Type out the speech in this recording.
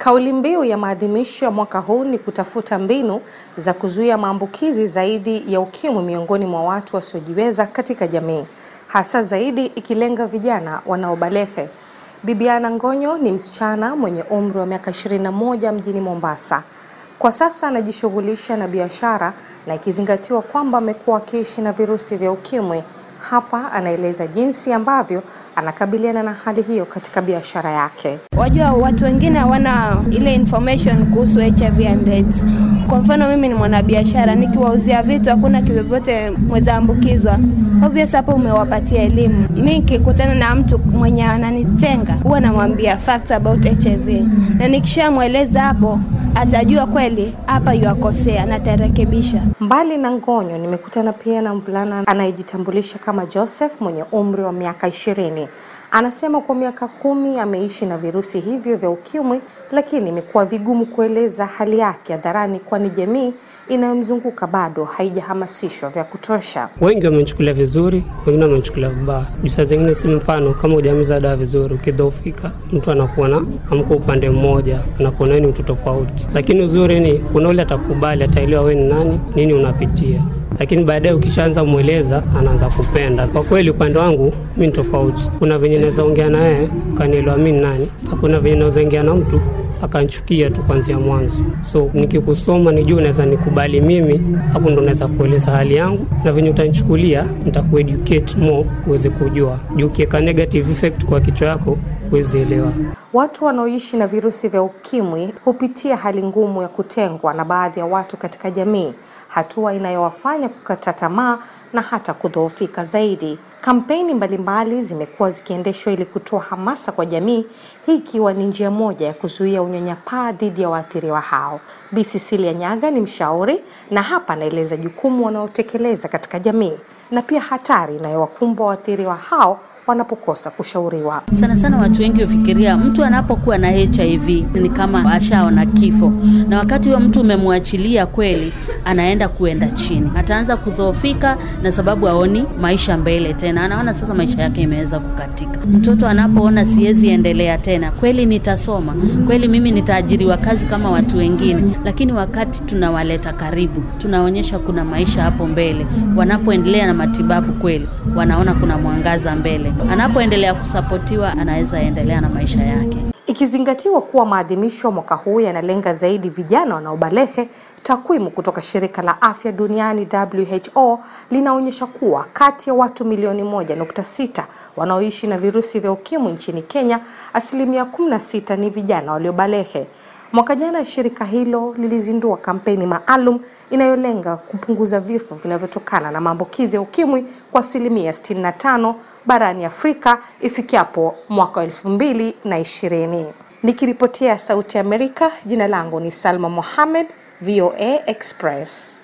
Kauli mbiu ya maadhimisho ya mwaka huu ni kutafuta mbinu za kuzuia maambukizi zaidi ya ukimwi miongoni mwa watu wasiojiweza katika jamii, hasa zaidi ikilenga vijana wanaobalehe. Bibiana Ngonyo ni msichana mwenye umri wa miaka 21 mjini Mombasa. Kwa sasa anajishughulisha na biashara na ikizingatiwa kwamba amekuwa akiishi na virusi vya ukimwi hapa anaeleza jinsi ambavyo anakabiliana na hali hiyo katika biashara yake. Wajua, watu wengine hawana ile information kuhusu HIV and AIDS. Kwa mfano, mimi ni mwanabiashara, nikiwauzia vitu hakuna kivyovyote mwezaambukizwa, obvious hapo umewapatia elimu. Mi nikikutana na mtu mwenye ananitenga, huwa namwambia facts about HIV na nikishamweleza hapo atajua kweli hapa yuakosea na atarekebisha. Mbali na Ngonyo, nimekutana pia na mvulana anayejitambulisha kama Joseph mwenye umri wa miaka ishirini Anasema kwa miaka kumi ameishi na virusi hivyo vya ukimwi, lakini imekuwa vigumu kueleza hali yake hadharani, kwani jamii inayomzunguka bado haijahamasishwa vya kutosha. Wengi wamechukulia vizuri, wengine wamechukulia vibaya. Jusa zingine si mfano, kama hujameza dawa vizuri, ukidhofika, mtu anakuwa na amko upande mmoja, anakuona ni mtu tofauti. Lakini uzuri ni kuna ule atakubali, ataelewa wewe ni nani, nini unapitia lakini baadaye ukishaanza mweleza anaanza kupenda. Kwa kweli upande wangu mi ni tofauti, kuna venye naweza ongea naye yeye ukanielewa mi ni nani, hakuna venye naweza ongea na mtu akanchukia tu kwanzia mwanzo. So nikikusoma nijua unaweza nikubali mimi, hapo ndo naweza kueleza hali yangu na venye utanichukulia, nitakueducate more uweze kujua juu. Ukiweka negative effect kwa kichwa yako kuzielewa. Watu wanaoishi na virusi vya ukimwi hupitia hali ngumu ya kutengwa na baadhi ya watu katika jamii, hatua inayowafanya kukata tamaa na hata kudhoofika zaidi. Kampeni mbalimbali zimekuwa zikiendeshwa ili kutoa hamasa kwa jamii, hii ikiwa ni njia moja ya kuzuia unyanyapaa dhidi ya waathiriwa hao. Bi Nyaga ni mshauri na hapa anaeleza jukumu wanaotekeleza katika jamii na pia hatari inayowakumbwa waathiriwa hao wanapokosa kushauriwa. Sana sana watu wengi hufikiria mtu anapokuwa na HIV ni kama ashaona kifo, na wakati huyo mtu umemwachilia kweli, anaenda kuenda chini, ataanza kudhoofika, na sababu aoni maisha mbele tena, anaona sasa maisha yake imeweza kukatika. Mtoto anapoona siwezi endelea tena, kweli nitasoma, kweli mimi nitaajiriwa kazi kama watu wengine, lakini wakati tunawaleta karibu, tunaonyesha kuna maisha hapo mbele, wanapoendelea na matibabu kweli wanaona kuna mwangaza mbele. Anapoendelea kusapotiwa, anaweza endelea na maisha yake. Ikizingatiwa kuwa maadhimisho mwaka huu yanalenga zaidi vijana wanaobalehe, takwimu kutoka shirika la afya duniani WHO linaonyesha kuwa kati ya watu milioni 16 wanaoishi na virusi vya ukimwi nchini Kenya, asilimia 16 ni vijana waliobalehe. Mwaka jana shirika hilo lilizindua kampeni maalum inayolenga kupunguza vifo vinavyotokana na maambukizi ya ukimwi kwa asilimia 65 barani Afrika ifikiapo mwaka 2020. Nikiripotia Sauti ya Amerika, jina langu ni Salma Mohamed, VOA Express.